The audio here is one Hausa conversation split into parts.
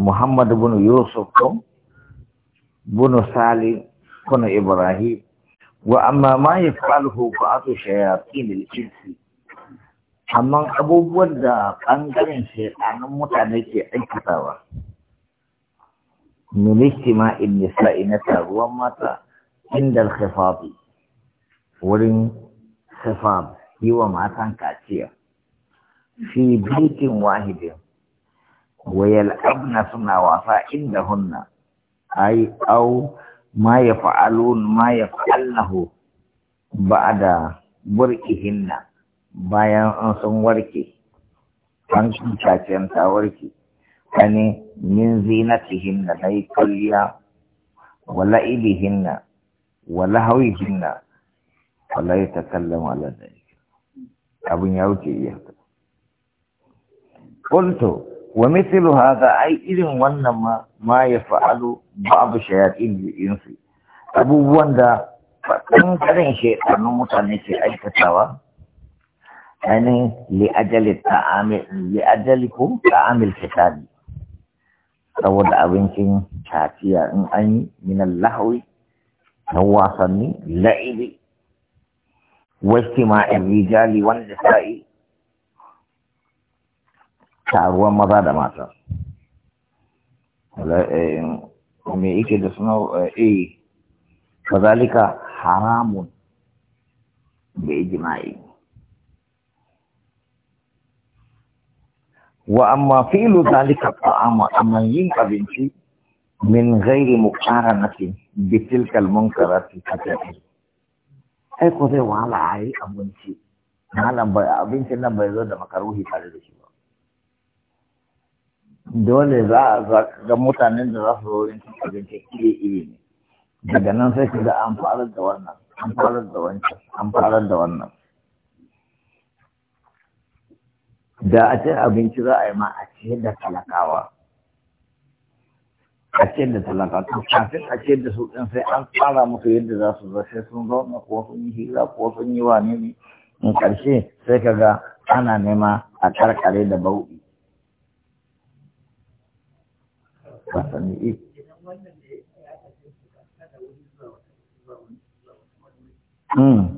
Muhammad bin Yusuf bin Salim bin Ibrahim wa amma ma yaf'aluhu ba'du shayatin al-insi amma abubuwan da bangaren shaytanin mutane ke aikatawa min in nisa'i na taruwan mata inda al-khifabi wurin khifab yi wa matan kaciya fi baitin wahidin wayal abna suna wasa inda hunna ai au ma ya fa'alun ma ya fa'alnahu ba da burkihinna bayan an sun warke an cacen ta warke yani min zinatihinna na yi kulliya wala ibihinna wala hawihinna wala ya takallama ala abin ya wuce iyaka Folto, wa mithilu hadha ai irin wannan ma ma ya fa'alu babu shayatin insu abubuwan da fadin karin shekarun mutane ke aikatawa yani li ajali ta'amil li ajali ku saboda abincin kaciya in an yi min Lahawi, na wasanni la'ibi wasti ma'in rijali wanda sa'i taruwan maza da mata eh, me yake da suna eh, eh kazalika haramun da yi. wa amma fi'lu zalika ta'ama amma yin abinci min ghairi muqaranati bi tilka al-munkarati katati ai ko zai wahala ai abinci malam bai abincin nan bai zo da makaruhi tare da shi ba dole za a ga mutanen da za su zo wurin abinci iri iri ne daga nan sai ka ga an farar da wannan an farar da wancan an farar da wannan da a ce abinci za a yi ma a ce da talakawa a ce da talakawa to kafin a ce da su ɗin sai an tsara musu yadda za su zo sai sun zauna ko sun yi hira ko sun yi wane ne in ƙarshe sai ka ga ana nema a karkare da bauɗi wasanni e eh. Hmm.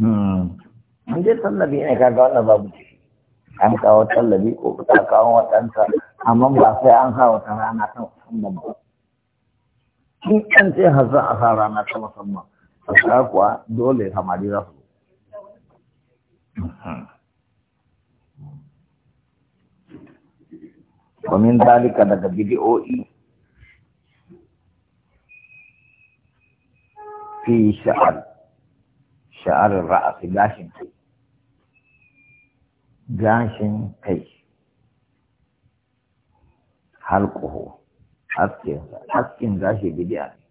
hmm. Mungkin pernah biar kagak nak bagus. an kawo tallabi ko ta kawo waɗanta amma ba sai an sa wata rana ta musamman ba in an ce har za a sa rana ta musamman a sa kuwa dole samari za su ومن daga bidi'o'i fi sha'ar sha'ar ra'asi gashin kai gashin kai halkuhu askinsa askin gashi bidiya ne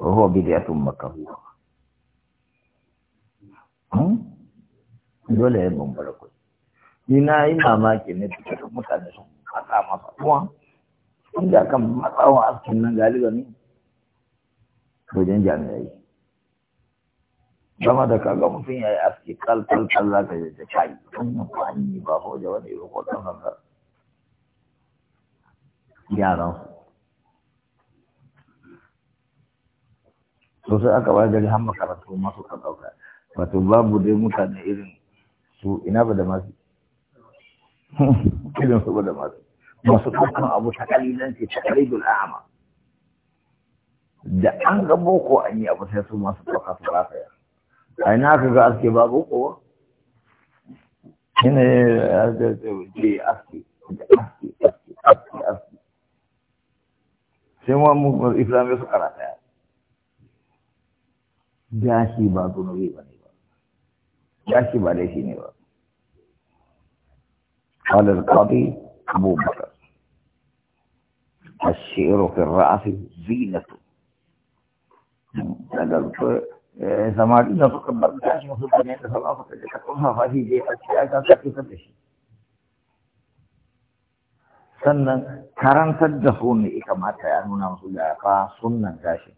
ruhu bidiyatun makaruwa hmm? dole ya bambara kuwa ni na yi mamaki ne da mutane sun matsa masa kuma inda kan matsawa askin nan galiba ne wajen jami'ai zama da kaga mutum ya yi aski kalkal kal za ka yi da kai wannan ko an yi ba da wani iri ko ɗan haka yaran su Sosai aka bayar gari har makarantu masu kan ɗauka wato babu dai mutane irin su ina ba da masu irin su ba da masu masu ɗaukan abu ta kalilan ce ta kalidul ahama da an ga boko an yi abu sai su masu ɗauka su ba هناك في أسكي بابو قوة هنا جي أسكي أسكي أسكي أسكي أسكي سيما إفلام يسقر على هذا جاشي بابو نبي بني بابو جاشي بابو نبي بابو قال القاضي أبو بكر الشعر في الرأس زينة هذا القاضي samari da suka bar shi musu ne da sallah suka je ka kuma fashi je a cikin aka ka fitar da shi sannan karantar da su ne ya kamata ya nuna musu da ka sunnan tashi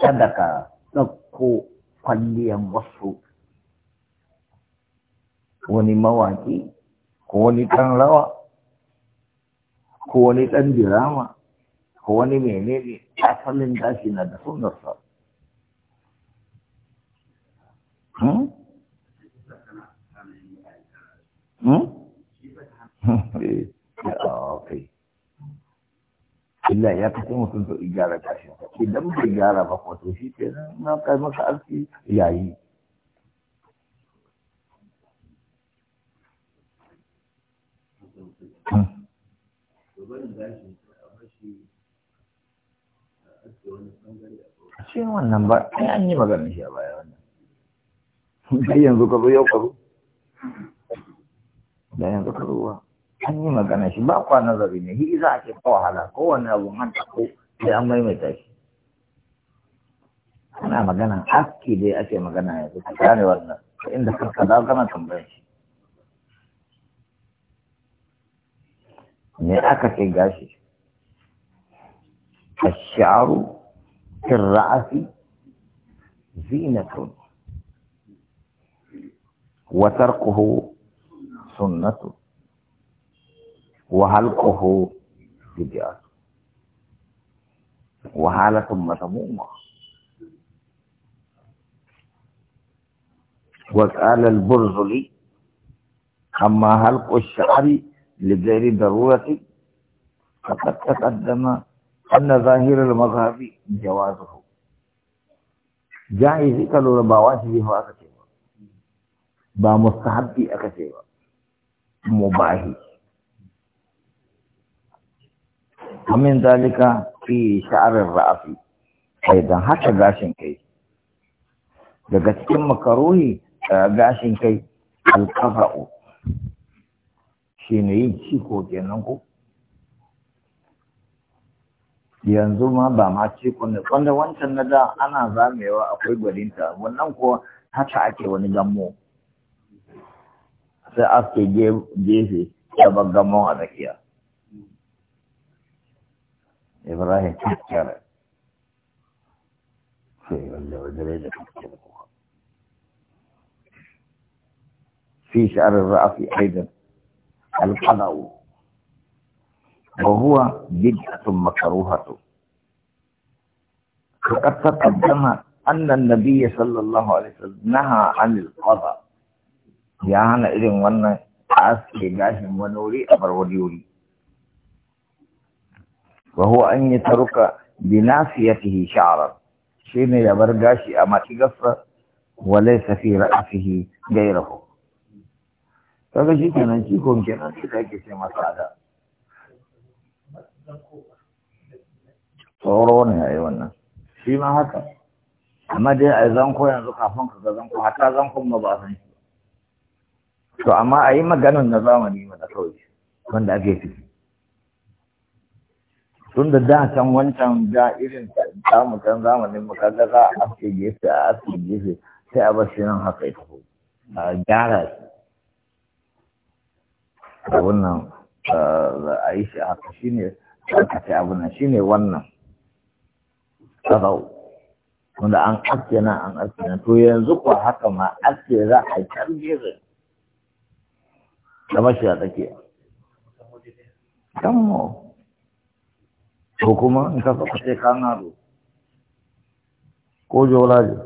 kada ka ɗauko kwalliyan wasu wani mawaki ko wani ɗan rawa ko wani ɗan dirama ko wani menene حصل من باسنا دخول الصلاة هم؟ هم؟ ايه؟ اوكي الله يكتم كنت إجارة كاشفة إذا مش إجارة فقط وشي كذا. ما كان ما سألت يعني هم؟ a cikin wannan ba ai an yi magana shi a baya wannan yanzu ka zo yau ka zo da yanzu ka zo an yi magana shi ba kwa nazari ne za a ce wahala kowane abu an ko sai an maimaita shi ana magana aski dai ake magana yanzu ka gane wannan inda kanka da tambayar shi me aka ce gashi الشعر في الرأس زينة وتركه سنة وهلقه بدعة وهالة مذمومة وقال البرزلي أما هلق الشعر لغير ضرورة فقد تقدم أن ظاهر المذهب جوازه جائز قالوا ba wajibi ba aka ce ba ba mustahabbi aka ce ba mubahi amin zalika fi sha'arar ra'afi sai dan haka gashin kai daga cikin makaruhi gashin kai alkafa'u shine yin ko kenan ko yanzu ma ba ma ce kunne wanda wancan na da ana zamewa akwai gwalinta, wannan ko haka ake wani gammo sai aske gefe ya ba gammo a tsakiya ibrahim kyakkyara sai wanda wajen da kyakkyara في شعر الرأس أيضا القضاء وهو بدعة مكروهة فقد تقدم أن النبي صلى الله عليه وسلم نهى عن القضاء يعني إذن وانا أسكي قاشم ونوري أبر وديوري وهو أن يترك بنافيته شعرا شين يا قاشي أما تقف وليس في رأسه غيره فقال شيء كان شيء كون كان شيء كان tsoro ne a yi wannan shi ma haka amma dai a yi zanko yanzu kafin ka ga zanko hata zanko ma ba a san shi to amma a yi maganin na zamani da kawai wanda ake ciki tun da da can wancan da irin samu can zamanin mu kaga za a aske gefe a aske gefe sai a bar shi nan haka ita ko a gyara shi a wannan a yi shi haka ne karkace abin nan shine wannan tsarau wanda an aske na, an aske na. to yanzu ko haka ma aske za a yi tarbiyyar da mashi a tsakiya mu ko kuma in ka saka sai ka na naro ko jolaje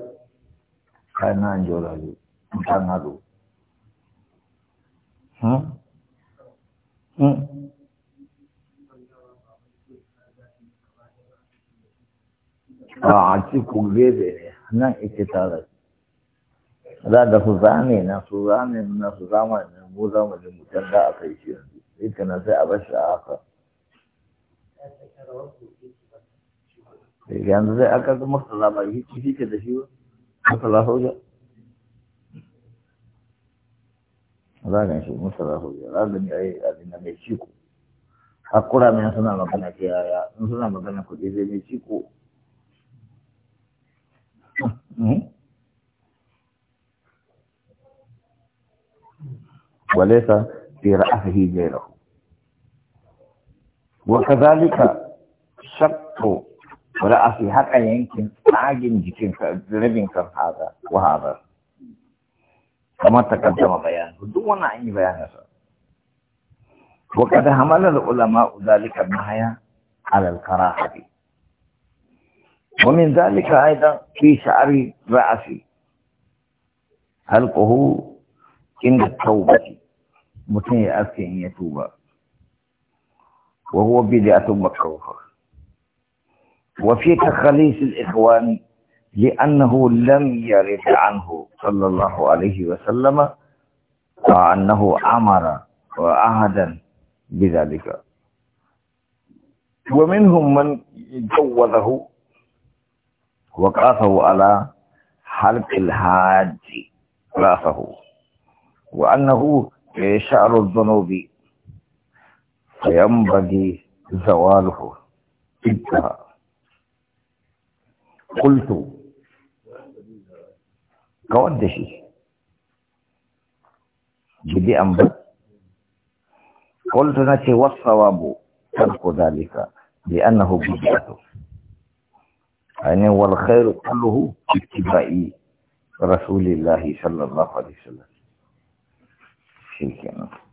na an jolaje in ka naro Hmm? Hmm? a cikin gebe ne nan ita tara za da su zane na su zane na su zamanin mu zamanin mutum da aka yi shi yanzu ita na sai a bashi a haka yanzu zai aka ga masa labari shi ke da shi ba masa lahoja za ka shi masa lahoja za ga ni a yi abin da mai ciko hakura mai suna magana ke yaya in suna magana kuɗi zai mai ciko Hmm? وليس في رأسه غيره وكذلك شرط رأسي حتى يمكن عاجن جكين ربين هذا وهذا كما تقدم بيانه دون أي بيان وقد حمل العلماء ذلك النهاية على الكراهة ومن ذلك أيضا في شعر رأسي حلقه عند التوبة متن يأسك أن يتوب وهو بدعة مكروهة وفي تخليص الإخوان لأنه لم يرد عنه صلى الله عليه وسلم وأنه أمر وعهدا بذلك ومنهم من جوزه وقاسه على حلق الحاج راسه وأنه شعر الذنوب فينبغي زواله انتهى قلت كودشي جدي أمبر قلت نتي والصواب ترك ذلك لأنه بدعته يعني والخير كله اتباع رسول الله صلى الله عليه وسلم